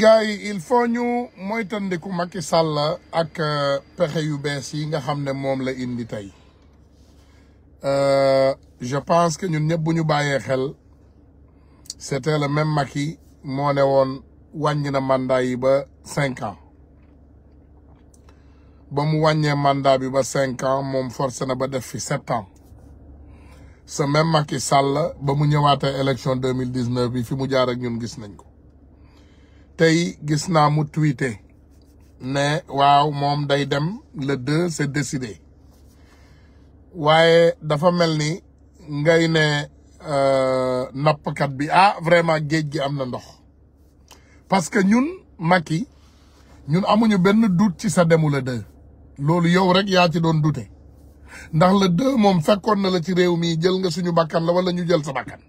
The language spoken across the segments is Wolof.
gars yi il faut ñu moytandiku Macky Sall ak euh, pexe yu bees yi nga xam ne moom la indi tey euh, je pense que ñun ñëpp bu ñu bàyyee xel c'était le même Macky moo ne woon wàññi na mandat yi ba cinq ans ba mu wàññee mandat bi ba cinq ans moom force na ba def fi sept ans ce même Macky Sall ba mu ñëwaatee élection deux mille dix-neuf bi fi mu jaar ak ñun gis nañ ko. tey gis naa mu tweeté ne waaw moom day dem le deux c'est décidé waaye dafa mel ni ngay ne euh, nappkat bi ah vraiment géej gi am na ndox parce que ñun Macky ñun amuñu benn doute ci sa demu le deux loolu yow rek yaa ci doon douter ndax le deux moom fekkoon na la ci réew mii jël nga suñu bakkan la wala ñu jël sa bakkan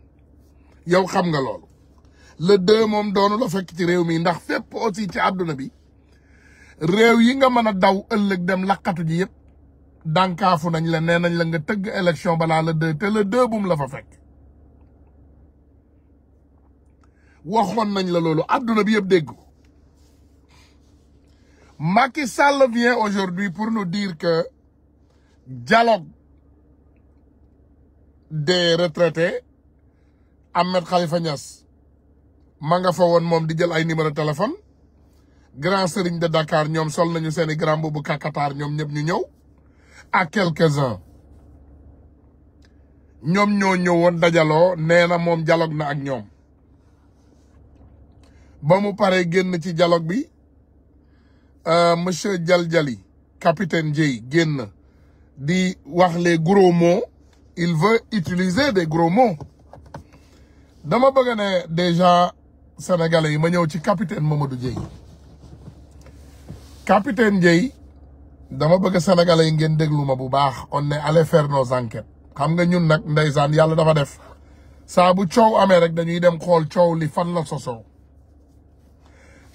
yow xam nga loolu le moom doonu la fekk ci réew mi ndax fépp aussi ci àdduna bi réew yi nga mën a daw ëllëg dem lakkatu ji yëpp dànkaafu nañ la nee nañ la nga tëgg élection balaa le deux te le bum la fa fekk waxoon nañ la loolu àdduna bi yëpp dégg Macky Sall vient aujourd'hui pour nous dire que dialogue des retraités Ahmed Khalifa Niass ma nga fa woon moom di jël ay numéro téléphone grand sëriñ de Dakar ñoom sol nañu seeni grand boobu kakataar ñoom ñëpp ñu ñëw à quelques-uns ñoom ñoo woon dajaloo nee na moom dialogue na ak ñoom ba mu pare génn ci dialogue bi euh, monsieur Jaljali capitaine Dieye génn di wax les gros mots il veut utiliser des gros mots dama bëgg ne déjà sénégalais yi ma ñëw ci capitaine Mamadou Dieye capitaine Dieye dama bëgg sénégalais yi ngeen déglu ma bu baax on est allé faire xam nga ñun nag ndeysaan yàlla dafa def saa bu coow amee rek dañuy dem xool coow li fan la sosoo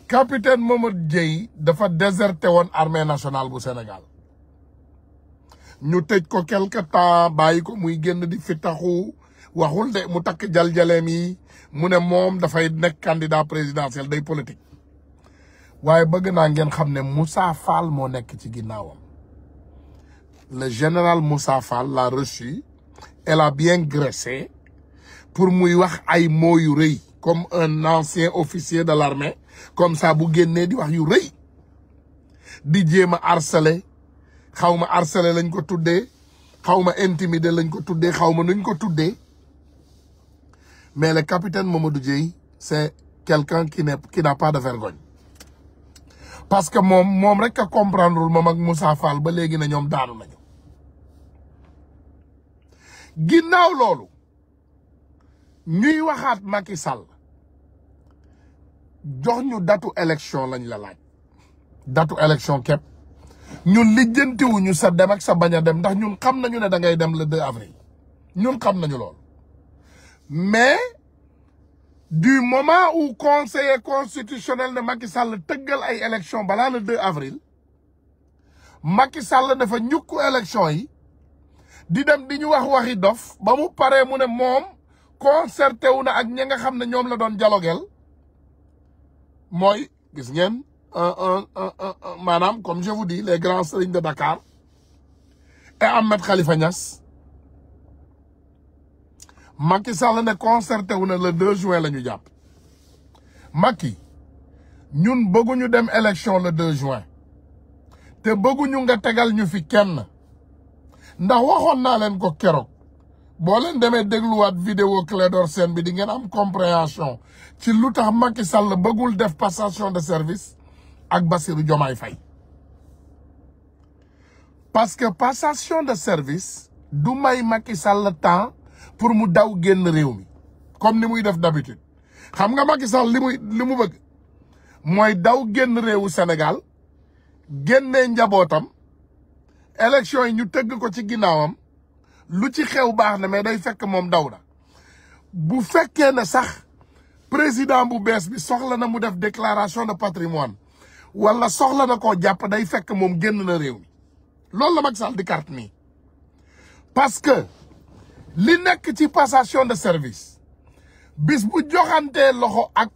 capitaine Mamadou Dieye dafa déserté woon armée nationale bu Sénégal ñu tëj ko quelque temps bàyyi ko muy génn di fi taxu waxul de mu takk jaljaleem yi mu ne moom dafay nekk candidat présidentiel day politique waaye bëgg naa ngeen xam ne Moussa Fall moo nekk ci ginnaawam le général Moussa Fall l'a reçu elle a bien graissé pour muy wax ay mots yu rëy comme un ancien officier de l'armée comme saa bu génnee di wax yu rëy di jéem a harcelé xaw ma lañ ko tuddee xaw ma intimidé lañ ko tuddee xaw ma nuñ ko tuddee Mais le capitaine Mamadou Dieye, c'est quelqu'un qui n'est qui n'a pas de vergogne. parce que moom moom rek a comprendrewul moom mag Moussa Fall ba léegi na ñoom daanu nañu ginnaaw loolu ñuy waxaat Macky Sall jox ñu datu élection lañ la laaj datu élection képp ñun ñu sa dem ak sa bañ a dem ndax ñun xam nañu ne da ngay dem la 2 avril ñun xam nañu loolu mais du moment où conseiller constitutionnel ne Macky Sall tëggal ay élection balaa le 2 avril Macky Sall dafa ñukku élection yi di dem di ñu wax waxi dof ba mu paree mu ne moom concerté wu na ak ñi nga xam ne ñoom la doon dialoguel mooy gis ngeen maanaam comme je vous dis les grands serigne de Dakar et Ahmed Khalifa Niass Macky Sall ne concerté wu na la 2 juin la ñu jàpp Macky ñun bëgguñu dem élection le 2 juin te bëgguñu nga tegal ñu fi kenn ndax waxoon naa leen ko keroog boo leen demee dégluwaat vidéo Clédor Sène bi di ngeen am compréhension ci lu tax Macky Sall bëggul def passation de service ak Bassirou Diomaye fay parce que passation de service du may Macky Sall temps pour mu daw génn réew mi comme ni muy def d'habitude xam nga Macky Sall li muy li mu bëgg mooy daw génn réewu senegal génnee njabootam élection yi ñu tëgg ko ci ginnaawam lu ci xew baax na mais day fekk moom daw da bu fekkee ne sax président bu bees bi soxla na mu def déclaration de patrimoine walla soxla na ko jàpp day fekk moom génn na réew mi loolu la Macky Sall di carte nii parce li nekk ci passation de service bis bu joxantee loxo ak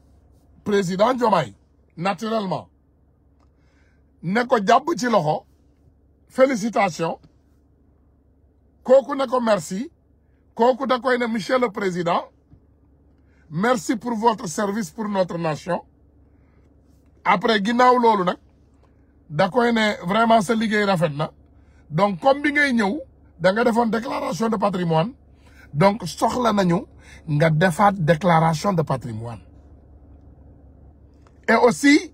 président Diomaye naturellement ne ko jàpp ci loxo félicitation kooku ne ko merci kooku da koy ne monsieur le président merci pour votre service pour notre nation après ginnaaw loolu nag da koy ne vraiment sa liggéey rafet na donc comme bi ngay ñëw da nga defoon déclaration de patrimoine donc soxla nañu nga defaat déclaration de patrimoine et aussi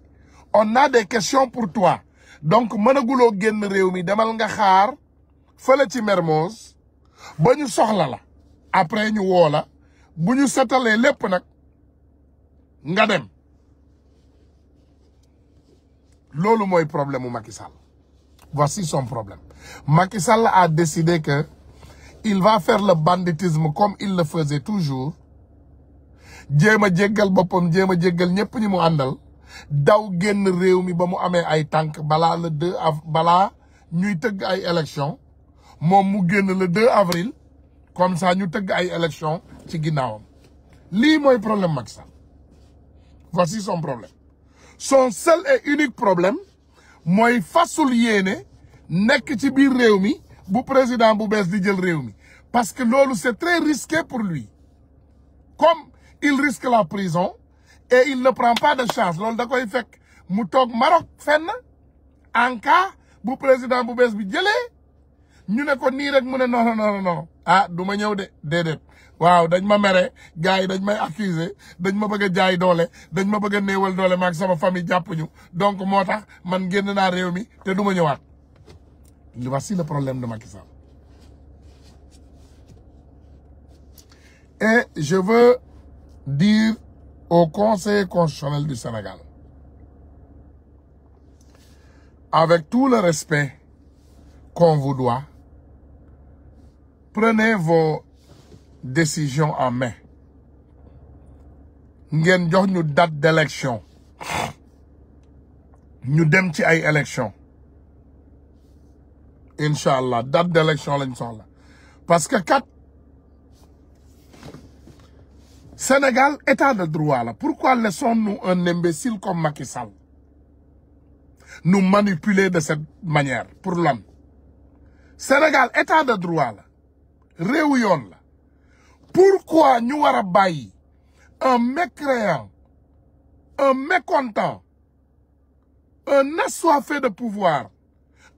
on na des question pour toi donc mënaguloo génn réew mi demal nga xaar fële ci ba ñu soxla la après ñu woo la bu ñu setalee lépp nag nga dem loolu mooy problème mu Macky Sall si son problème Macky Sall a décidé que il va faire le banditisme comme il la faisait toujours jéem a jéggal boppam jéem a jéggal ñëpp ñi mu àndal daw génn réew mi ba mu amee ay tànk balaa le balaa ñuy tëgg ay élection moom mu génn le 2 avril comme ça ñu tëgg ay élection ci ginnaawam lii mooy problème mag Sall voici son problème son seul et unique problème mooy fassul yéene nekk ci biir réew mi bu président bu bees di jël réew mi Parce que loolu c'est très risqué pour lui. Comme il risque la prison et il ne prend pas de chance loolu da koy fekk mu toog Maroc fenn en cas bu président bu bees bi jële ñu ne ko nii rek mu ne non non non ah du ma ñëw de déedéet waaw dañ ma mere gars yi dañ may accuser dañ ma bëgg a jaay doole dañ ma bëgg néewal doole maak sama famille jàpp ñu donc moo tax man génn naa réew mi te du ma ñëwaat. voici le problème de Macky Et je veux dire au Conseil constitutionnel du Sénégal, avec tout le respect qu'on vous doit, prenez vos décisions en main. ngeen jox ñu date d'élection ñu dem ci ay élection incha allah date d'élection lañ soxla parce que kat Sénégal état de droit la pourquoi laissons-nous un imbécile comme Macky nous manipuler de cette manière pour lan Sénégal état de droit la réewu yoon la pourquoi ñu war a bàyyi un mécréant un mécontent un assoiffé de pouvoir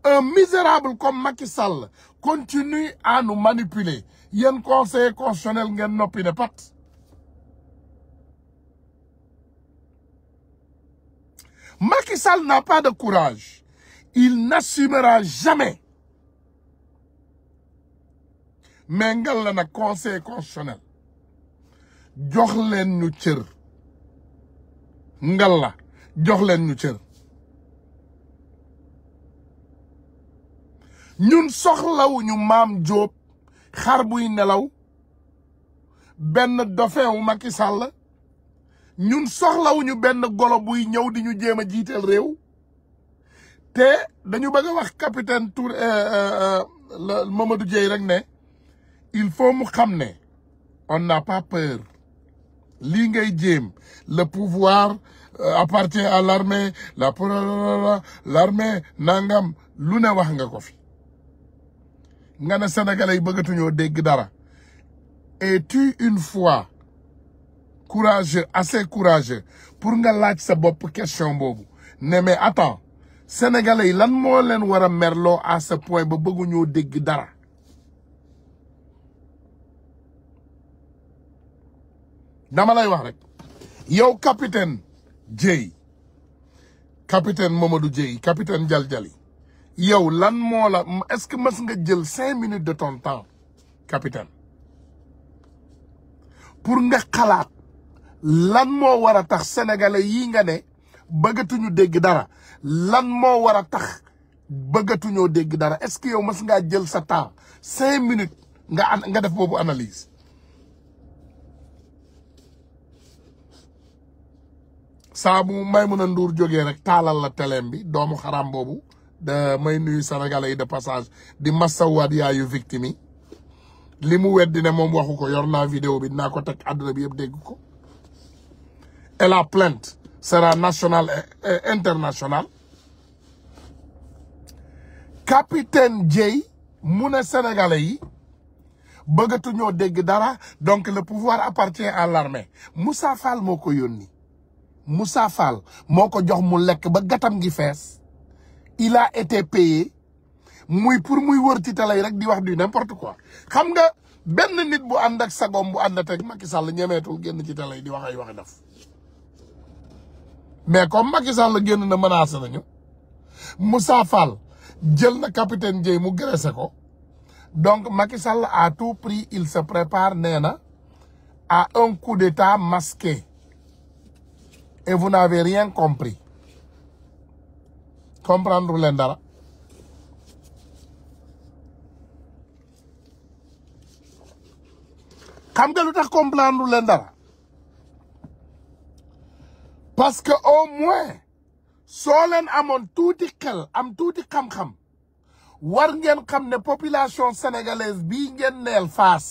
un misérable comme Macky Sall continue à nous manipuler yéen conseiller constitutionnel ngeen noppi ne pat makisal n'a pas de courage. Il n'assumera jamais. mais ngal la nag conseil constitutionnel jox leen ñu cër ngal la jox leen ñu cër ñun soxlawuñu maam Jóob xar buy nelaw benn dofeewu Macky Sall ñun soxlawuñu benn golo buy ñëw di ñu jéem a jiiteel réew te dañu bëgg a wax capitaine Touré euh, euh, Mamadou Dieye rek ne il faut mu xam ne on n'a pas peur lii ngay jéem le pouvoir euh, appartient à l'armée la l'armée nangam lu ne wax nga ko fi nga ne sénégalais yi bëggatuñoo dégg dara et tu une fois courageux assez courageux pour nga laaj sa bopp question boobu ne mais attends sénégalais yi lan moo leen war a merloo à ce point ba bëgguñoo dégg dara dama lay wax rek yow capitaine Dieye capitaine du Dieye capitaine Dialdiali yow lan moo la est-ce que mës nga jël cinq minutes de ton temps capitaine pour nga xalaat lan moo war a tax sénégalais yi nga ne bëggatuñu dégg dara lan moo war a tax bëggatuñoo dégg dara est-ce que yow mas ngaa jël sa temps cinq minutes nga an nga def boobu analyse saa bu Maimouna nduur jógee rek taalal la teleem bi doomu xaram boobu da may nuyu sénégalais yi de passage di massawaat yaayu victime yi li mu weddi ne moom waxu ko yor na vidéo bi dinaa ko teg àdduna bi yëpp dégg ko et la plainte sera nationale et internationale capitaine Dièye mu ne sénégalais yi bëggatuñoo dégg dara donc le pouvoir appartient à l'armée Moussa Fall moo ko yónni Moussa Fall moo ko jox mu lekk ba gatam gi fees illa a été payé muy pour muy wër ci télé yi rek di wax du n'importe quoi xam nga benn nit bu ànd ak sagom bu ànd ak Macky Sall ñemeetul génn ci télé yi di wax ay daf mais comme Macky la génn na menacé nañu Moussa Fall jël na capitaine Dièye mu graissé ko donc Macky Sall à tout prix il se prépare nee na à un coup d'état masqué et vous n'avez rien compris comprendre leen dara xam nga lu tax comprendre leen dara parce que au moins soo leen amoon tuuti xel am tuuti xam-xam war ngeen xam ne population sénégalaise bii ngeen neel faas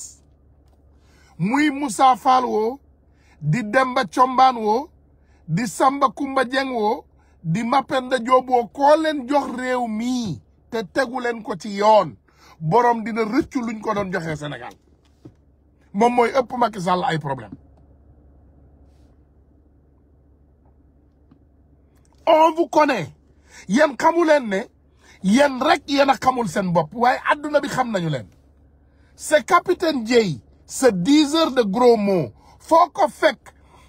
muy Moussa Fall woo di Demba Combaan woo di Samba Kumba Jeng woo di Mapenda Joob woo koo leen jox réew mii te tegu leen ko ci yoon borom dina rëccu luñ ko doon joxe Sénégal moom mooy ëpp Macky ay problème on vous connaît yéen xamu leen ne yen rek yéen a xamul seen bopp waaye adduna bi xam nañu leen c'est capitaine Dièye ce diseur de gros mots foo ko fekk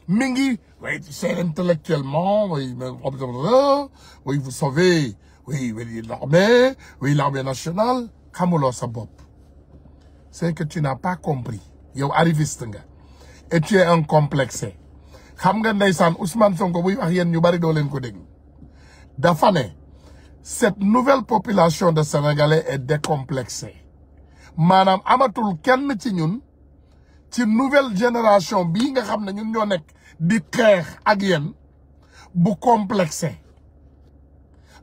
mi ngi oui c'est intellectuellement oui oh, oh, oh, oui vous savez oui oui l'armée oui l'armée nationale xamuloo sa bopp c'est que tu n'as pas compris yow arriviste nga et tu es xam nga ndeysaan Ousmane Sonko buy wax yéen ñu bari doo leen ko dégg dafa ne cette nouvelle population de sénégalais est décomplexée maanaam amatul kenn ci ñun ci nouvelle génération bii nga xam ne ñun ñoo nekk di xeex ak yéen bu complexé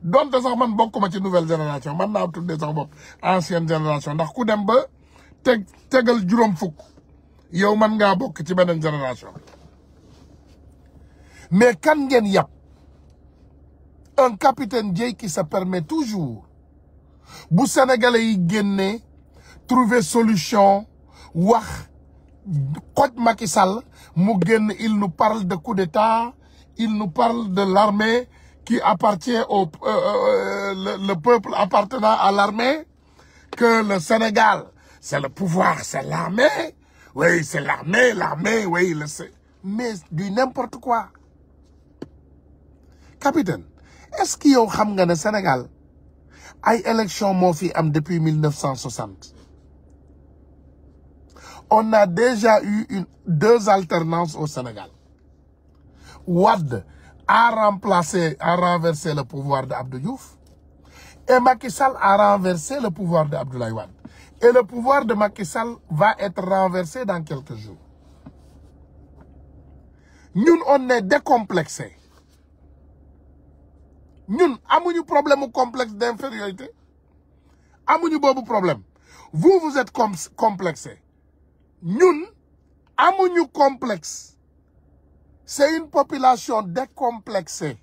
donte sax man bokkuma ci nouvelle génération man naa tuddee sax bopp ancienne génération ndax ku dem ba teg tegal juróom fukk yow man ngaa bokk ci beneen génération mais kan ngeen yàpp un capitaine Dièye qui se permet toujours bu sénégalais yi génnee trouver solution wax xoj Macky Sall mu génn il nous parle de coup d'état il nous parle de l'armée qui appartient au euh, euh, euh, le, le peuple appartenant à l'armée que le Sénégal c'est le pouvoir c'est l'armée oui c'est l'armée l'armée oui le mais du n'importe quoi capitaine est que yow xam nga ne Sénégal ay élection moo fi am depuis mille neuf cent soixante on a déjà eu une deux alternances au Sénégal Wade a renversé le pouvoir de Abdou Diouf et Macky Sall a renversé le pouvoir de Abdoulaye Wade et le pouvoir de Macky va être renversé dans quelques jours ñun on est décomplexé ñun amuñu problème mu complexe d'infériorité amuñu boobu problème vous vous êtes complexé ñun amuñu complexe c'est une population décomplexée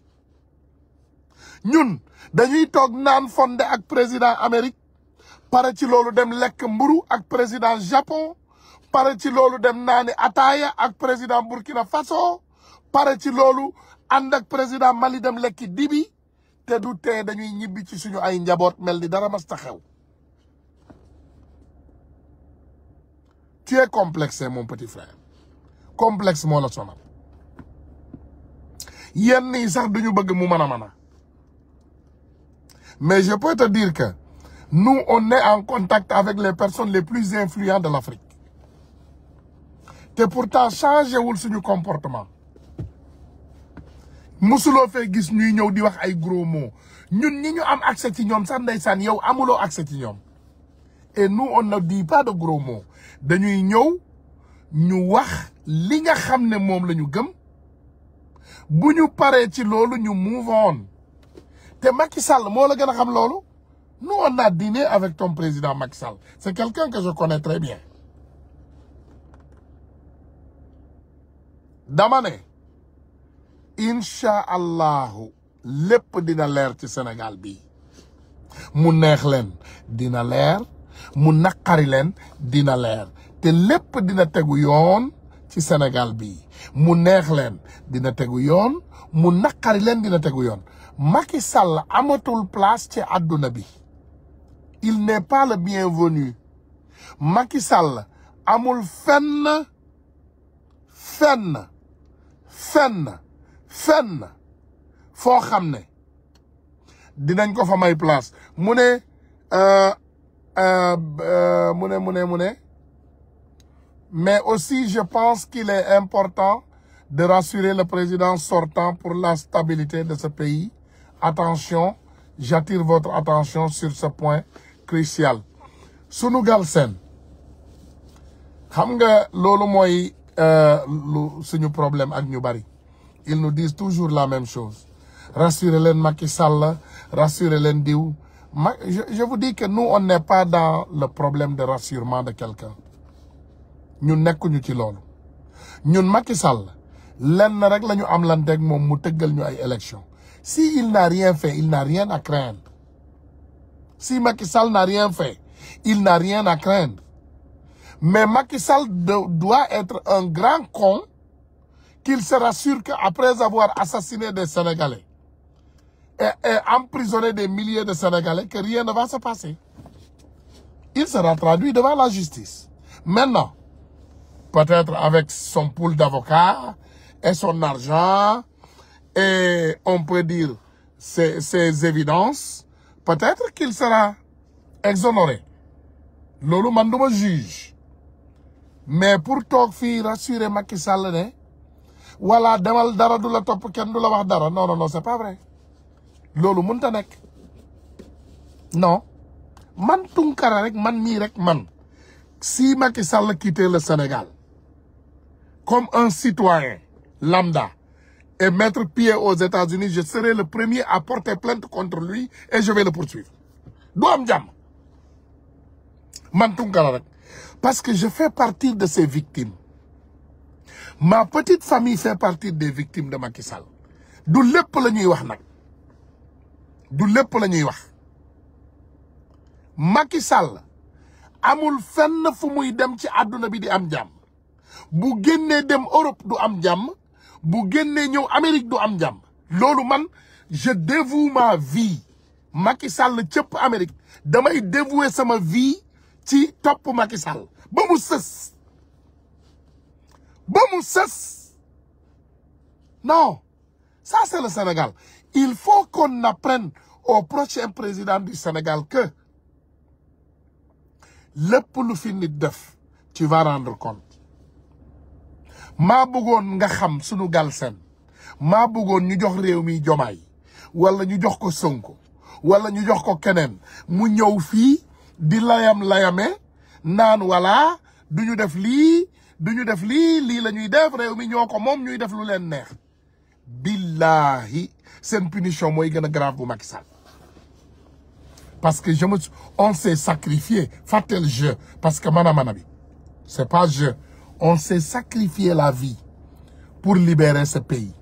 ñun dañuy toog naan fonde ak président Amérique pare ci loolu dem lekk mburu ak président Japon pare ci loolu dem naani ataaya ak président Burkina Faso pare ci loolu ànd ak président Mali dem lekki dibi te du tee dañuy ñibbi ci suñu ay njaboot mel ni dara mas ta xew tu es complexé mon petit frère complexe moo la sonal yenn yi sax duñu bëgg mu mën a mën a mais je peux te dire que nous on est en contact avec les personnes les plus influentes de l'Afrique te pourtant changé wul suñu comportement musuloo fee gis ñuy ñëw di wax ay gros mots ñun ñi ñu am accès ci ñoom sax saan yow amuloo accès ci ñoom et nous on ne dit pas de gros mots dañuy ñëw ñu wax li nga xam ne moom lañu gëm bu ñu paree ci loolu ñu move on te Macky Sall moo la gën a xam loolu nous on a dîné avec ton président Macky Sall c'est quelqu'un que je connais très bien dama ne incha allahu lépp dina leer ci Sénégal bi mu neex leen dina leer mu naqari dina leer te lépp dina tegu yoon ci Sénégal bi mu neex leen dina tegu yoon mu naqari dina tegu yoon Macky Sall amatul plaas ci àdduna bi il n'est pas le bienvenu Macky Sall amul fenn fenn fenn fenn foo xam ne dinañ ko fa may place mu ne euh, euh, euh, mu ne mu ne mu ne mais aussi je pense qu'il est important de rassurer le président sortant pour la stabilité de ce pays attention j'attire votre attention sur ce point crucial Sunugal Sen xam nga loolu mooy lu suñu problème ak ñu bari ils nous disent toujours la même chose rassurez leen Macky Sall rassurez leen diw ma je vous dis que nous on n'est pas dans le problème de rassurement de quelqu'un ñun nekkuñu ci loolu ñun Macky Sall lenn rek la am lan teg moom mu tëggal ñu ay élection si il n'a rien fait il n'a rien à craindre si Macky Sall n'a rien fait il n'a rien à craindre mais Macky doit être un grand con qu'il sera sûr qu'après avoir assassiné des Sénégalais et, et, emprisonné des milliers de Sénégalais, que rien ne va se passer. Il sera traduit devant la justice. Maintenant, peut-être avec son pool d'avocats et son argent, et on peut dire ses, ses évidences, peut-être qu'il sera exonéré. Lolo Mandouma juge. Mais pour toog fii rassurer Macky Sall ne wala demal dara du la topp kenn du la wax dara non non non c'est pas vrai loolu mënta nekk non man Tounkara rek man mii rek man si Macky Sall quittait le Sénégal comme un citoyen lambda et mettre pied aux États-Unis je serai le premier à porter plainte contre lui et je vais le poursuivre du am jàmm man Tounkara rek parce que je fais partie de ces victimes ma petite famille fait partie de victimes de Macky Sall du lépp la ñuy wax nag du lépp la ñuy wax Macky Sall amul fenn fu muy dem ci àdduna bi di am jàmm bu génnee dem Europe du am jàmm bu génnee ñëw Amérique du am jàmm loolu man je dévoue ma vie Macky Sall cëpp Amérique damay dévouer sama vie ci topp Macky Sall ba mu sës ba mu sës non ça c'est le Sénégal il faut qu'on apprenne au prochain président du Sénégal que lépp lu fi nit def ci vas rendre compte maa bëggoon nga xam sunu Galsen maa bëggoon ñu jox réew mi jomaay walla ñu jox ko Sonko walla ñu jox ko keneen mu ñëw fii di layam layame naan wala du ñu def lii du ñu def lii lii la ñuy def réew mi ñoo ko moom ñuy def lu leen neex billahi seen punition mooy gën a grave bu Macky Sall parce que je me on s'est sacrifié fàtteel jeu parce que mana mana bi c'est pa jeu on s'est sacrifié la vie pour libérer ce pays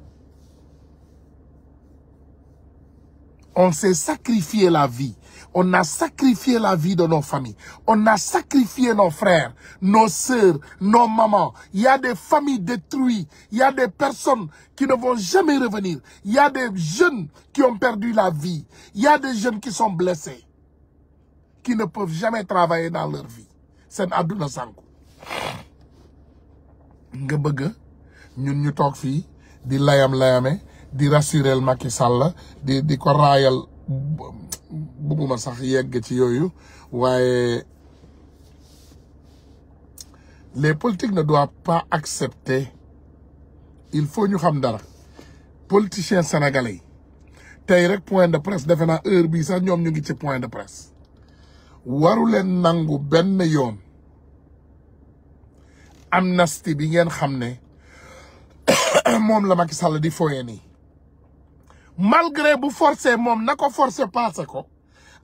on s'est sacrifié la vie On a sacrifié la vie de nos familles. On a sacrifié nos frères, nos sœurs, nos mamans. Il des familles détruites. Il y des personnes qui ne vont jamais revenir. Il y a des jeunes qui ont perdu la vie. Il y des jeunes qui sont blessés, qui ne peuvent jamais travailler dans leur vie. seen àdduna sànku nga bëgg ñun ñu toog fii di layam layame di rassurel Macky Sall di ko raayal bugguma sax yegg ci yooyu waaye les politiques ne doivent pas accepter il faut ñu xam dara politiciens sénégalais yi tey rek point de presse defe naa heure bii sax ñoom ñu ngi ci point de presse waru leen nangu benn yoon amnistie bi ngeen xam ne moom la Macky Sall di foye nii malgré bu forcé moom na ko forcé passé ko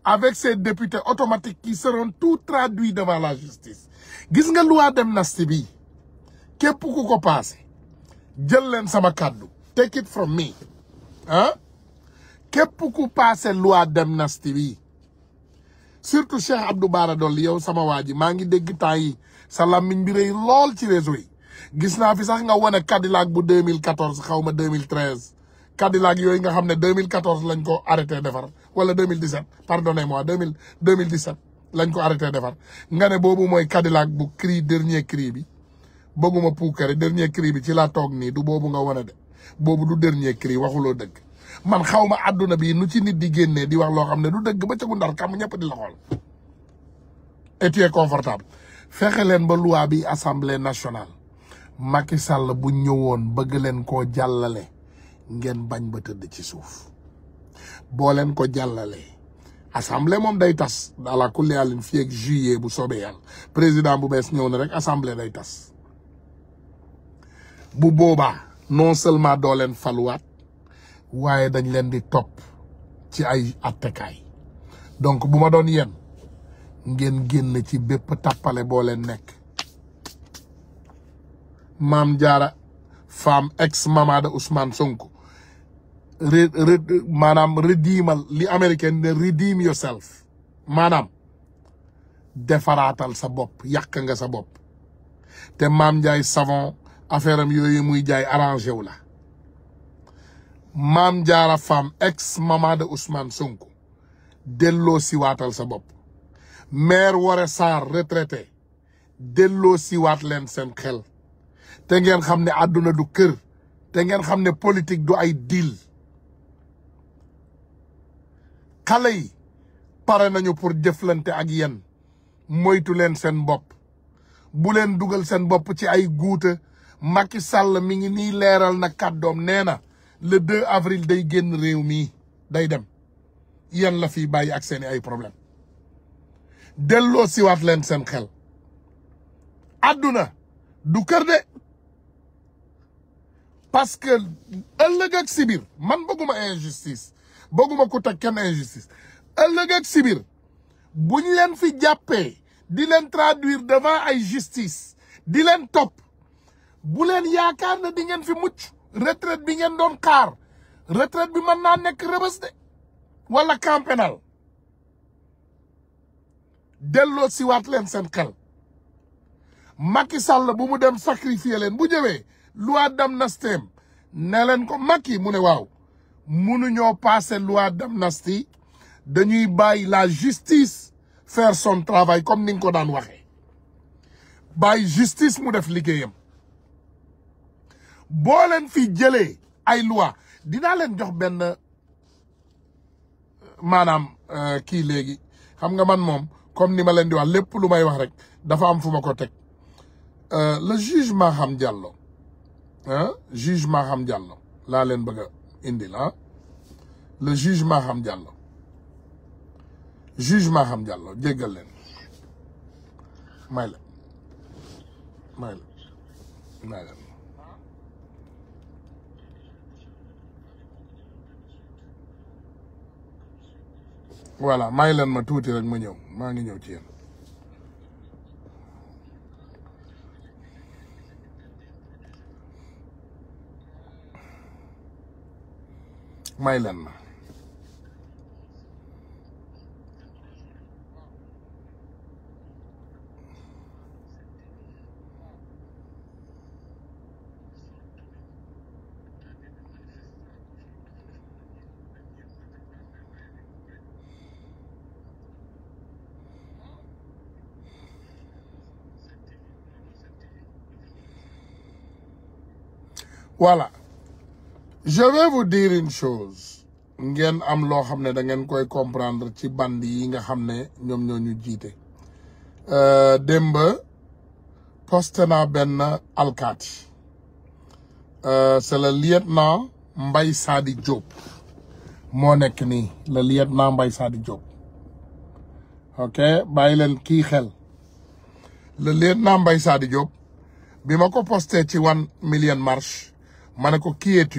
avec ces députés automatiques kii seront tout traduits devant la justice gis nga loi d'amnistie bii képp ku ko passé jël leen sama kàddu take it from me ah képp ku passé loi nasti bi surtout Cheikh Abdou Bara Dolly yow sama waa ji maa ngi dégg temps yi sa làmmiñ bi rëy lool ci réseau yi gis naa fi sax nga wane Cadillac bu 2014 xaw ma 2013 Cadillac yooyu nga xam ne 2014 lañ ko arrêté defar wala 2017 pardonnez-moi 2000 2017 lañ ko arrêté defar nga ne boobu mooy Cadillac bu cri dernier cri bi bëgguma puukare dernier cri bi ci la toog nii du boobu nga wane de boobu du dernier cri waxuloo dëgg man xaw ma àdduna bi nu ci ni di génnee di wax loo xam ne du dëgg ba cagu ndar kam ñëpp di la xool et tu es confortable fexe leen ba loi bi assemblée nationale Macky Sall bu ñëwoon bëgg leen koo jàllale ngeen bañ ba tëdd ci suuf boo leen ko jàllale assemblée moom day tas ala kulli àllin fi ak juillet bu soobee yàlla président bu bees ñëw na rek assemblée day tas bu boobaa non seulement doo leen faluwaat waaye dañ leen di topp ci ay attekaay donc bu ma doon yéen ngeen génn ci bépp tappale boo leen nekk maam jaara femme ex mama de Ousmane Sonko maanaam rediimal li américaine ne redeem yourself maanaam defaraatal sa bopp yàq nga sa bopp te maam Ndiaye savon affaire am yooyu muy jaay arrangé wu la maam jaara femme ex maman de Ousmane Sonko delloo siwaatal sa bopp maire Woré Sarr retraité delloo siwaat leen seen xel te ngeen xam ne àdduna du kër te ngeen xam ne politique du ay deal xale yi pare nañu pour jëflante ak yen moytu leen seen bopp bu leen dugal seen bopp ci ay guuta Macky sàll mi ngi nii leeral na kàddoom nee na le 2 avril day génn réew mi day dem yéen la fi bàyyi ak seeni ay problème delloo siwaat leen seen xel àdduna du kër de parce que ëllëg ak si man bëgguma injustice bëgguma ku teg kenn injustice ëllëg ak si sibir bu ñu leen fi jàppee di leen traduire devant ay justice di leen topp bu leen yaakaar ne di ngeen fi mucc retraite bi ngeen doon xaar retraite bi mën naa nekk rëbës de wala camp pénal delloo siwaat leen seen xel Macky Sall bu mu dem sacrifier leen bu ñëwee loi d'amnistie ne leen ko Macky mu ne waaw mënuñoo passer loi d'amnistie dañuy bàyyi la justice faire son travail comme ni nga ko daan waxe bàyyi justice mu def liggéeyam boo leen fi jëlee ay loi dinaa leen jox benn maanaam euh, kii léegi xam nga man moom comme ni ma leen di wax lépp lu may wax rek dafa am fu ma ko teg euh, le juge Maham Diallo ah juge Maham laa leen bëgg indil ah le juge Maham Diallo juge Maham Diallo jéggal leen may la may la may la voilà may leen ma tuuti rek ma ñëw maa ngi ñëw ci yéen may leen ma voilà je vais vous dire ngeen am loo xam ne da ngeen koy comprendre ci band yi nga xam ne ñoom ñoo ñu jiite euh, démb posté naa benn alkaati euh, c'est le lieutenant mbay saadi Diop moo nekk nii le lieutenant Mbaye Sadi Diop ok bàyyi leen kii xel le lieutenant Mbaye Sadi Diop bi ma ko posté ci one million marche ma ne ko qui es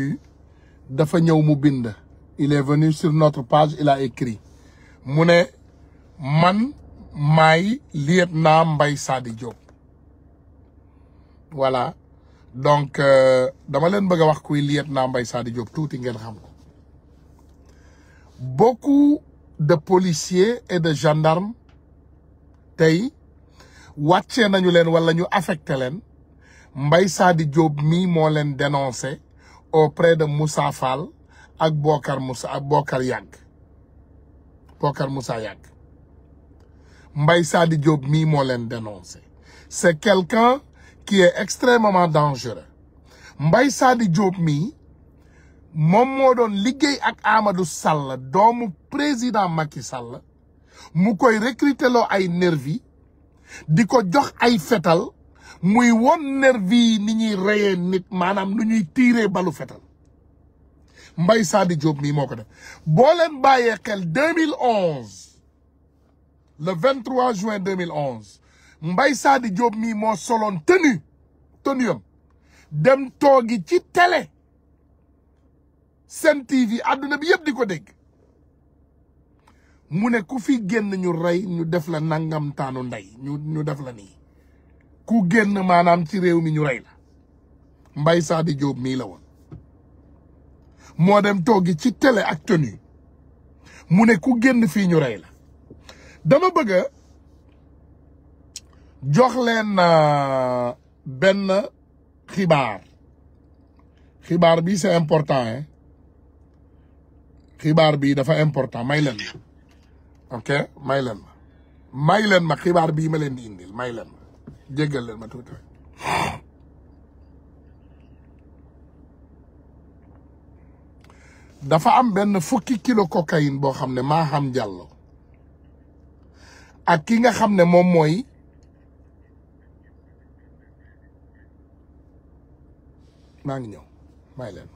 dafa ñëw mu bind il est venu sur notre page il a écrit mu ne man maay lieutenant mbay saadi Diop voilà donc euh, dama leen bëgg a wax kuy lieutenant Mbaye Sady Diop tuuti ngeen xam ko beaucoup de policiers et de gendarmes tey wàccee nañu leen wala ñu affecté leen mbay saadi Diop mii moo leen dénoncé auprès de Moussa Fall ak Bokar Moussa ak Bokar Yàgg Bokar Moussa Yàgg Mbaye Sadi Diop mii moo leen dénoncé c'est ki qui est extrêmement dangereux Mbaye Sadi Diop mii moom moo doon liggéey ak Amadou Sall doomu président Macky Sall mu koy recruter ay nervi di ko jox ay fetal muy won nervi yi ni ñuy reyee nit maanaam nu ñuy tiiree balu fetal mbay Sadi Diop mii moo ko def boo leen bàyyee xel 2011 le 23 juin 2011 Mbaye Sadi Diop mii moo soloon tenu tenuyam dem toogi ci télé Sen TV àdduna bi yëpp di ko dégg mu ne ku fi génn ñu rey ñu def la nangam taanu ndey ñu def la nii ku génn maanaam ci réew mi ñu rey la Mbaye Sadio Diop mii la woon moo dem gi ci télé ak tenue mu ne ku génn fii ñu rey la dama bëgg a jox leen euh, benn xibaar xibaar bi c'est important hein xibaar bii dafa important may leen ma ok may leen ma may leen ma xibaar bii ma leen di indil may leen jéggal leen ma tuuti dafa am benn fukki kilo cocaïne boo xam ne xam Diallo ak ki nga xam ne moom mooy maa ngi ñëw may leen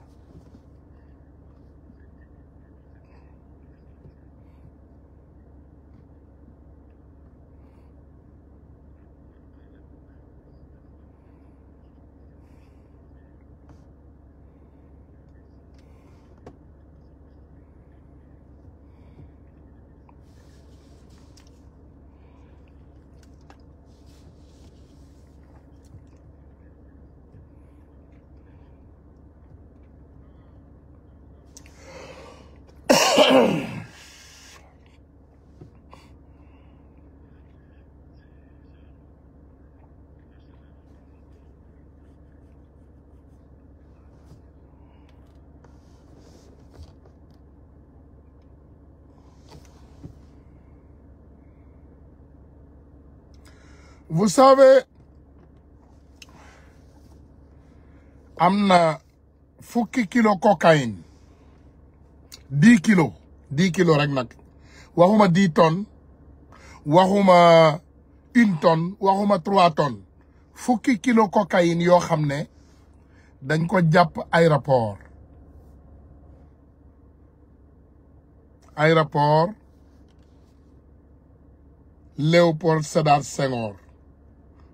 vous savez am na fukki kilo cocaïne dix kilos dix kilos rek nag waxuma dix tonnes waxuma une tonne waxuma trois tonnes fukki kilo cocaïne yoo xam ne dañ ko jàpp aéroport aéroport Léopold Sédar Senghor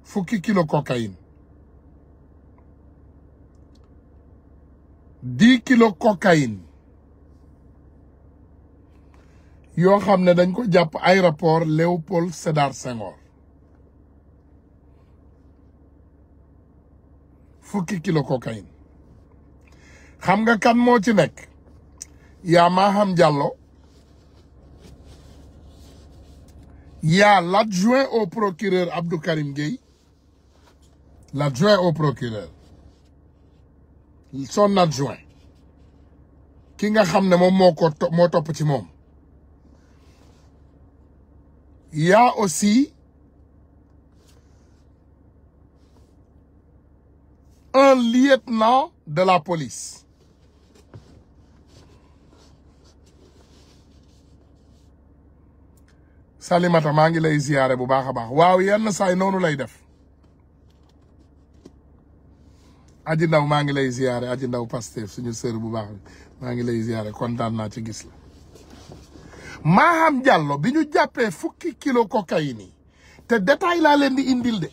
fukki kilo cocaïne dix kilo cocaïne yoo xam ne dañ ko jàpp aéroport Léopold Sédar Senghor fukki kilo cocaïne xam nga kan moo ci nekk yaa Maham Diallo yaa l'adjoint au procureur Abdou Karim Gueye l'adjoint au procureur son adjoint ki nga xam ne moom moo ko moo topp ci moom y a aussi un lieutenant de la police Salimata maa ngi lay ziyaare bu baax a baax waaw yenn saay noonu lay def aji ndaw maa ngi lay ziyaare aji ndaw Pastef suñu sër bu baax maa ngi lay ziyaare kontaan naa ci gis la Maham Diallo bi ñu jàppee fukki kilo cocaïne yi te détail laa leen di indil de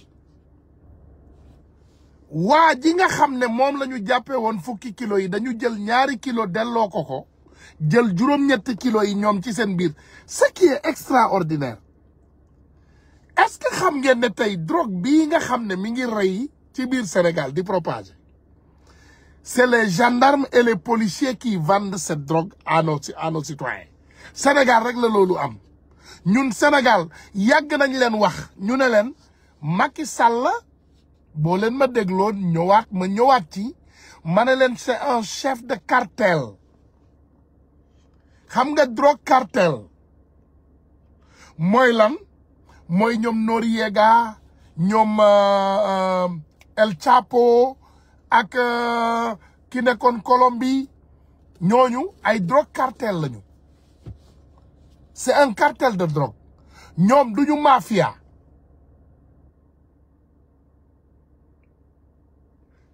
waa ji nga xam ne moom lañu ñu jàppee woon fukki kilo yi dañu jël ñaari kilo delloo ko ko jël juróom-ñetti kilo yi ñoom ci seen biir ce qui est extraordinaire est que xam ngeen ne tey drogue bi nga xam ne mi ngi rey ci biir Sénégal di propager c'est les gendarmes et les policiers qui vendent cette drogue à nos à nos citoyens Sénégal rek la loolu am ñun senegal yàgg nañ leen wax ñu ne leen Macky Sall boo leen ma dégloon ñëwaat ma ñëwaat ci ma ne leen c'est un chef de cartel xam nga drogue cartel moy lan mooy ñoom Noriega ñoom euh, euh, El Chapo ak euh, ki nekkoon Colombie ñooñu ay drogue cartel lañu c'est un cartel de drogue ñoom duñu mafia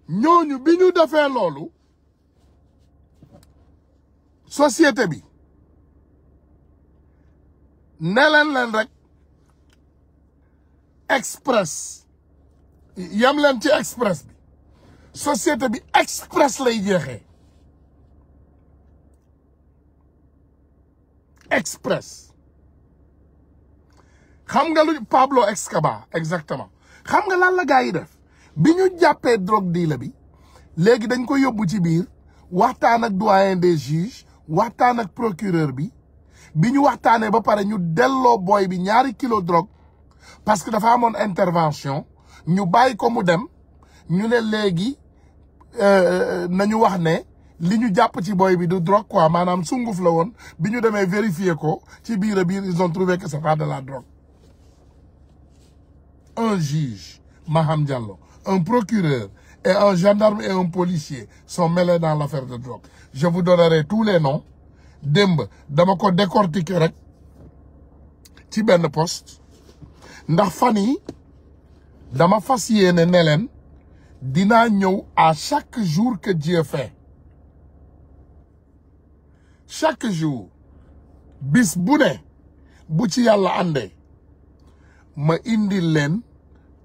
ñooñu bi ñu defee loolu société bi ne leen leen rek express yem leen ci express société bi express lay jeexee express xam nga lu Pablo Escobar exactement xam nga lan la gaa def bi ñu jàppee drogue dealer bi léegi dañ ko yóbbu ci biir waxtaan ak doyen des juges waxtaan ak procureur bi bi ñu waxtaanee ba pare ñu delloo booy bi ñaari kilo drogue parce que dafa amoon intervention ñu bàyyi ko mu dem ñu ne léegi Euh, nañu wax ne li ñu jàpp ci boy bi du drogue quoi maanaam sunguf lawoon woon bi ñu demee vérifier ko ci biir a biir ils ont trouvé que c'est pas de la drogue un juge Maham Diallo un procureur et un gendarme et un policier sont mêlés dans l'affaire de drogue je vous donnerai tous les noms démb dama ko décortiquer rek ci benn poste ndax fan yi dama fas yéene ne leen dinaa ñëw à chaque jour que Dieu fait chaque jour bis bu ne bu ci yàlla àndee ma indil leen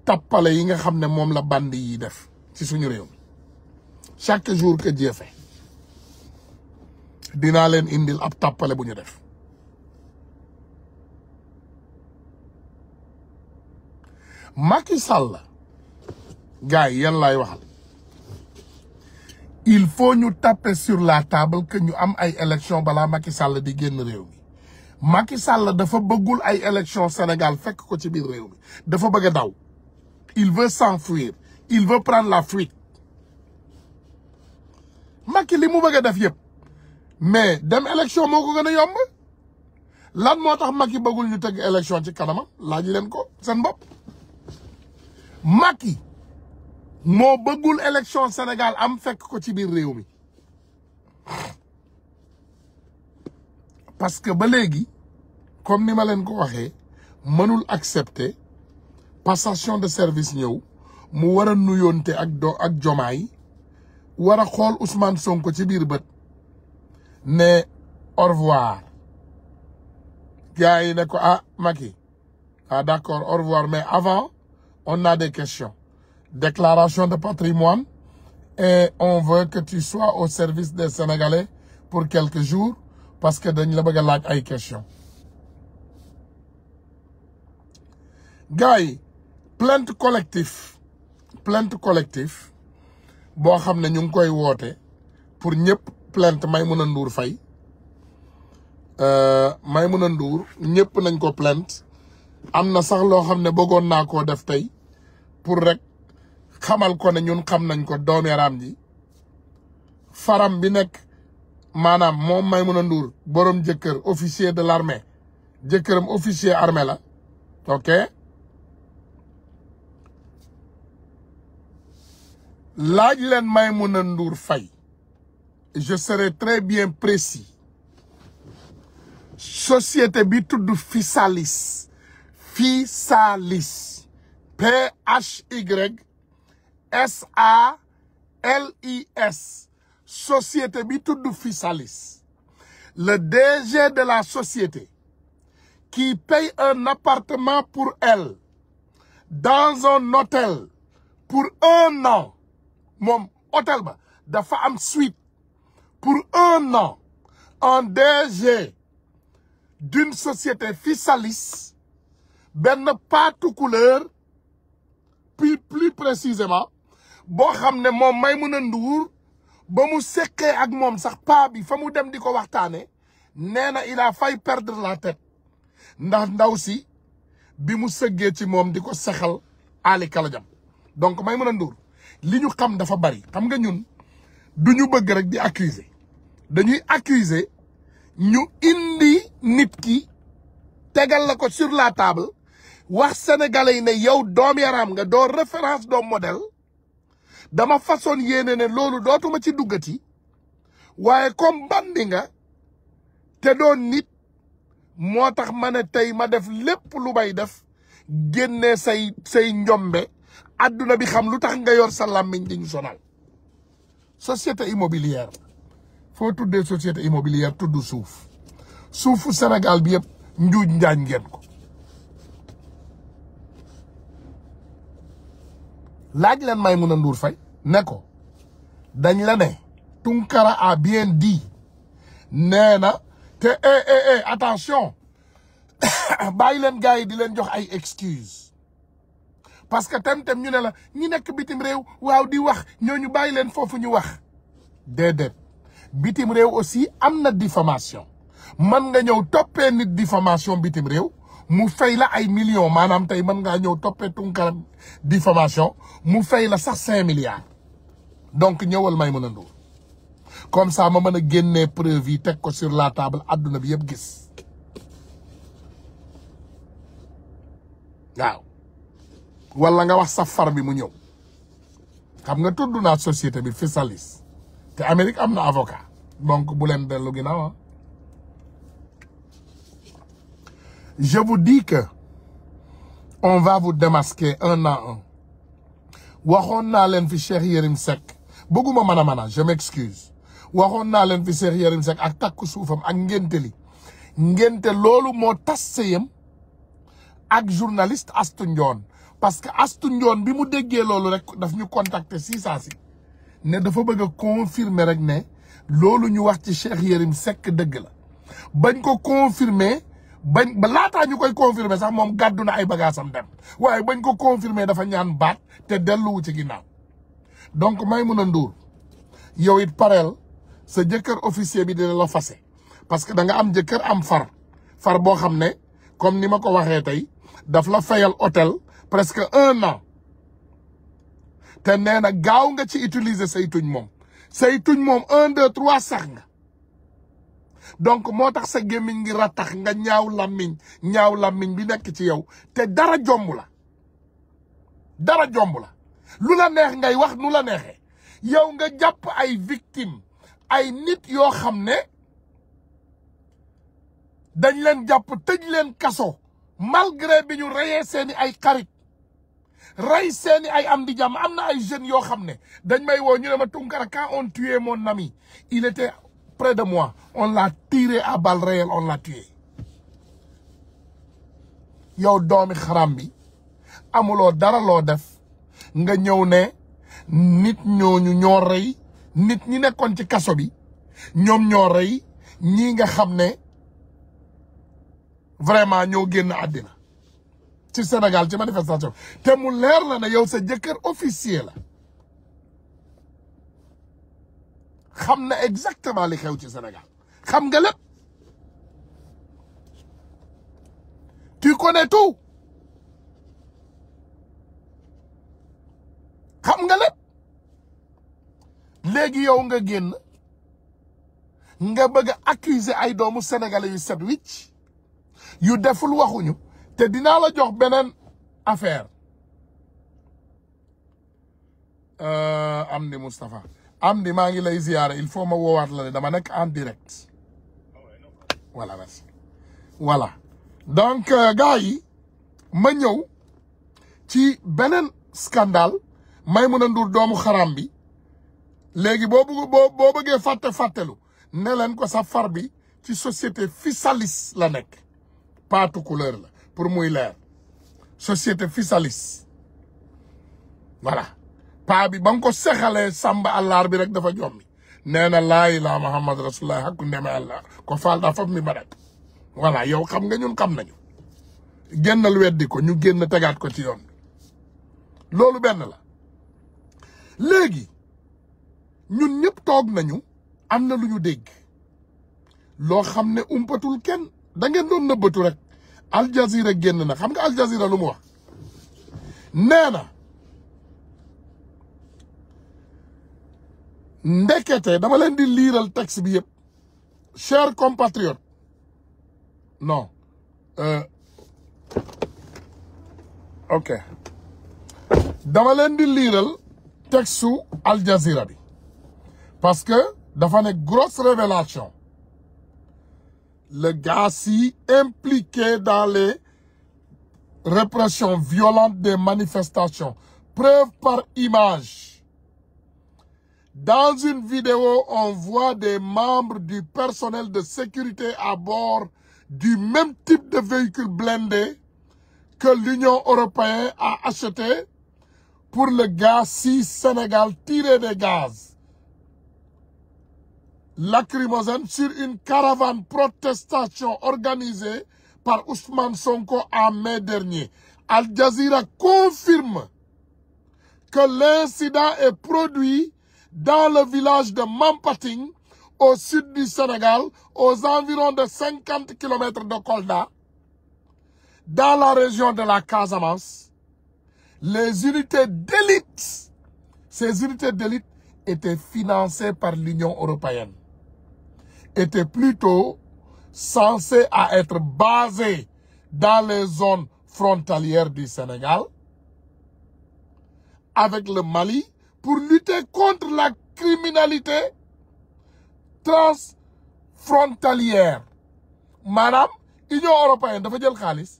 tappale yi nga xam ne moom la bandi yi def ci suñu réew chaque jour que Dieu fait dinaa leen indil ab tappale bu ñu def Macky Sall gars yi yan laay waxal il faut ñu taper sur la table que ñu am ay élection balaa Macky Sall di génn réew mi Macky Sall dafa bëggul ay élection Sénégal fekk ko ci biir réew mi dafa bëgg a daw il veut s'enfuir il veut prendre la fuite Macky li mu bëgg a def yëpp mais dem élection moo ko gën a yomb lan moo tax Macky bëggul ñu teg élection ci kanamam laaj leen ko seen bopp Macky moo bëggul élection Sénégal am fekk ko ci biir réew mi parce que ba léegi comme ni ma leen ko waxee mënul accepter passation de service ñëw mu war a nuyoonte ak do ak jomaay war a xool son ko ci biir bët ne au revoir gars yi ne ko ah Macky ah d'accord au revoir mais avant on a des questions déclaration de patrimoine et on veut que tu sois au service des Sénégalais pour quelques jours parce que dañ la bëgg a laaj ay question gars yi plainte collectif plainte collectif boo xam ne ñu ngi koy woote pour ñëpp plainte Maimouna Ndour Faye euh, Maimouna Ndour ñëpp nañ ko plainte am na sax loo xam ne bëggoon naa koo def tey pour rek xamal ko ne ñun xam nañ ko doomeeraam ji faram bi nekk maanaam moom Maimouna Ndour borom jëkkër officier de l'armée jëkkëram officier armée la ok laaj leen Maimouna Ndour Faye je serai très bien précis société bi tudd Fisalis Fisalis P H Y s société bi tudd Fisalis le DG de la société qui paye un appartement pour elle dans un hôtel pour un an moom hôtel ba dafa am suite pour un an un DG d'une société Fisalis benn couleur plus plus précisément boo xam ne moom may a Ndour ba mu seqee ak moom sax paa bi fa mu dem di ko waxtaane nee na il a failli perdre la tête ndax ndaw si bi mu sëggee ci moom di ko sexal Ali Kalajam donc may a Ndour li ñu xam dafa bari xam nga ñun du ñu bëgg rek di accuser dañuy accuser ñu indi nit ki tegal la ko sur la table wax sénégalais yi ne yow doom yaram nga doo référence doom modèle dama façon yéene ne loolu dootuma ci duggati waaye comme bandi nga te doon nit moo tax ma ne tey ma def lépp lu bay def génnee say say njombe adduna bi xam lu tax nga yor sa làmmiñ di ñu sonal société immobilière foo tuddee société immobilière tudd suuf suufu Sénégal bi yëpp njuuj njaañ ngeen ko laaj leen may Maimouna Ndour Faye ne ko dañ la ne Tunkara a bien di nee na te eh eh eh attention bàyyi leen gars yi di leen jox ay excuse parce que tem-tem ñu ne la ñu nekk bitim réew waaw di wax ñooñu bàyyi leen foofu ñu wax déedéet bitim réew aussi am na diffamation man nga ñëw toppee nit diffamation bitim réew mu fay la ay millions maanaam tey man ngaa ñëw toppee Tounkara diffamation mu fay la sax cinq milliards donc ñëwal Maimouna Ndour comme ça ma mën a génnee preuve yi teg ko sur la table adduna bi yëpp gis waaw wala nga wax safar bi mu ñëw xam nga tudd naa société bi Fisalis te Amérique am na avocat donc bu leen dellu ginnaaw ah. Je vous dis que on va vous un à un waxoon naa leen fi Cheikh Yérim mu bëgguma mën a mën a je m'excuse waxoon naa leen fi Cheikh Yérim Seck ak takku suufam ak ngénte li ngénte loolu moo tas sëyam ak journaliste Astu Njoon parce que Astu Njoon bi mu déggee loolu rek daf ñu contacter si saa si ne dafa bëgg a confirmer rek ne loolu ñu wax ci Cheikh mu Seck dëgg la bañ ko confirmer bañ ba laataa ñu koy confirmer sax moom gàddu na ay bagaasam dem waaye bañ ko confirmer dafa ñaan baat te delluwu ci ginnaaw donc Maimouna Ndour yow it pareel sa jëkkër officier bi dina la fase parce que danga am jëkkër am far far boo xam ne comme ni ma ko waxee tey daf la fayal hôtel presque un an te nee na gaaw nga ci utiliser say tuñ moom say tuñ moom un deux trois sax nga donc moo tax sa gémmiñ ngi rattax nga ñaaw làmmiñ ñaaw làmmiñ bi nekk ci yow te dara jomb la dara jomb la lu la neex ngay wax nu la neexee yow nga jàpp ay victime ay nit yoo xam ne dañ leen jàpp tëj leen kaso malgré bi ñu reyee seeni ay xarit rey seeni ay am di jàmm am na ay jeunes yoo xam ne dañ may woo ñu ne ma Tounkara quand on tuait mon nami il était près de moi. On l'a tiré à balles réelles, on l'a tué. yow doomi xaram bi amuloo dara loo def nga ñëw ne nit ñooñu ñoo rey nit ñi nekkoon ci kaso bi ñoom ñoo rey ñii nga xam ne vraiment ñoo génn àddina ci Sénégal ci manifestation te mu leer la ne yow sa jëkkër officier la xam na exactement li xew ci senegal xam nga lépp tu connais tout xam nga lépp léegi yow nga génn nga bëgg a accuser ay doomu sénégalais yu set wicc yu deful waxuñu te dinaa la jox beneen affaire euh, am ni Moustapha am di maa ngi lay ziyaara il faut ma woowaat la ne dama nekk en direct voilà merci donc euh, gars yi ma ñëw ci beneen scandale Maimouna nduur doomu xaram bi léegi boo bëgg boo boo bëggee fàtte fàttelu ne leen ko sa far bi ci société Fisalis la nekk paatu couleur la pour muy leer société Fisalis voilà paa bi ba nga ko sexalee samba àllaar bi rek dafa jommi nee na laa ilaaha muhammad rasulullah hakku ndeme àllaar ko faalda foofu mi barak voilà yow xam nga ñun xam nañu génnal weddi ko ñu génn tegaat ko ci yoon loolu benn la léegi ñun ñëpp toog nañu am na lu ñu dégg loo xam ne umpatul kenn dangeen doon nëbbatu rek Al Jazeera génn na xam nga Al Jazeera lu mu wax nee ndekete dama leen di liiral texte bi yëpp chers compatriotes non euh, ok dama leen di liiral texte su Al bi parce que dafa ne grosse révélation le gars si impliqué dans les répressions violentes des manifestations preuve par image Dans une vidéo, on voit des membres du personnel de sécurité à bord du même type de véhicule blindé que l'Union européenne a acheté pour le gaz 6 Sénégal tiré des gaz lacrymogènes sur une caravane protestation organisée par Ousmane Sonko en mai dernier. Al Jazeera confirme que l'incident est produit dans le village de Mampating, au sud du Sénégal, aux environs de 50 kilomètres de Kolda, dans la région de la Casamance, les unités d'élite, ces unités d'élite étaient financées par l'Union européenne, étaient plutôt censées à être basées dans les zones frontalières du Sénégal, avec le Mali, pour lutter contre la criminalité transfrontalière maanaam Union européenne dafa jël xaalis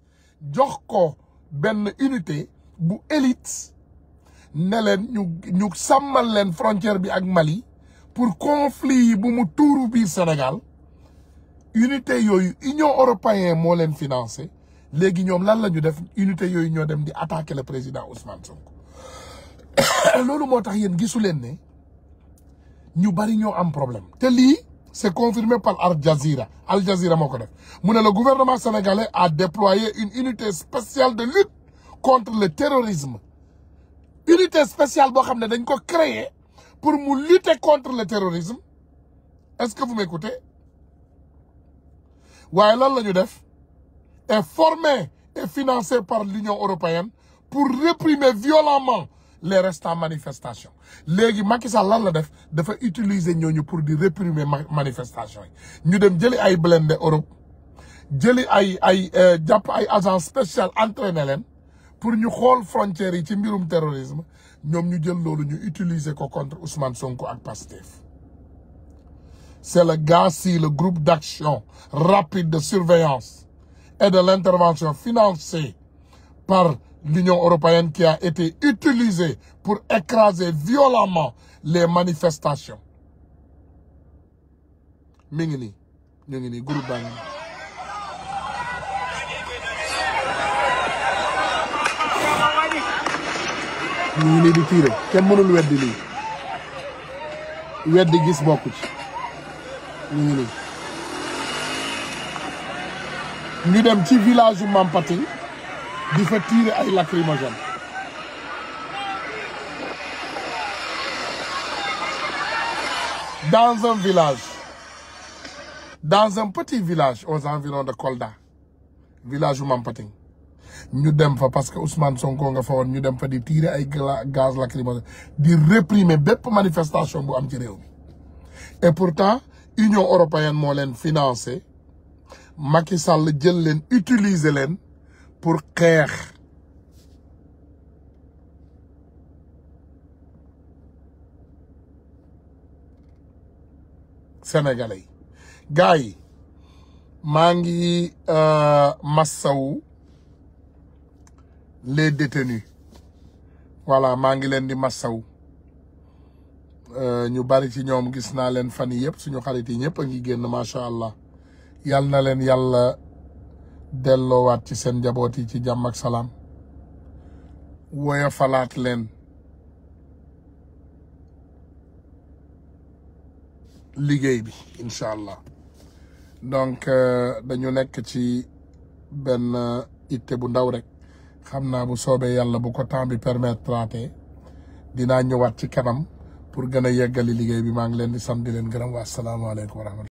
jox ko benn unité bu élite ne leen ñu ñu sàmmal leen frontière bi ak Mali pour conflit yi bu mu tuuru biir Sénégal unité yooyu Union européenne moo leen financé léegi ñoom lan la ñu def unité yooyu ñoo dem di attaquer le président Ousmane Sonko loolu moo tax yéen gisu leen ne ñu bari ñoo am problème te lii c'est confirmé par Al Jazeera Al Jazeera moo ko def mu ne le gouvernement sénégalais a déployé une unité spéciale de lutte contre le terrorisme unité spéciale boo xam ne dañ ko créer pour mu lutter contre le terrorisme est-ce que vous m'écoutez waaye lan la ñu def est formé et financé par l'Union européenne pour réprimer violemment les restant manifestation léegi Macky Sall lan la def dafa utiliser ñooñu pour di réprimer manifestation yi ñu dem jëli ay blindé Europe jëli ay ay euh, jàpp ay agents spécial entraîné leen pour ñu xool frontières yi ci mbirum terrorisme ñoom ñu jël loolu ñu utiliser ko contre Ousmane Sonko ak Pastef c'est le GACI le groupe d'action rapide de surveillance et de l'intervention financée par l'Union européenne qui a été utilisée pour écraser violemment les manifestations mi ngi nii ñu ngi nii groupe baa ngi nii ñu ngi nii di tiire kenn mënul weddi lii weddi gis bokku ci ñu ngi dem ci village u Mampati di fa tiire ay lacrymogène dans un village dans un petit village o environs de Kolda village u ñu dem fa parce que Ousmane son nga fa woon ñu dem fa di tiire ay gaz lacrymogène di réprimer bépp manifestation bu am ci réew mi et pourtant Union européenne moo leen financé Macky Sall jël leen utiliser leen pour xeex sénégalais yi gars yi maa ngi euh, massawu les détenus voilà maa ngi leen di massawu euh, ñu bari ci ñoom gis naa leen fan yii yëpp suñu xarit yi ñëpp a ngi génn macha allah yal na leen yàlla delloowaat ci seen njaboot yi ci jàmm ak salaam woya falaat leen liggéey bi incha allah donc euh, dañu nekk ci benn euh, itte bu ndaw rek xam naa bu soobee yàlla bu ko temps bi permettre raté dinaa ñëwaat ci kanam pour gën a yeggali liggéey bi maa ngi leen di sant di leen gërëm waa salaamualeykum wa rahmatulah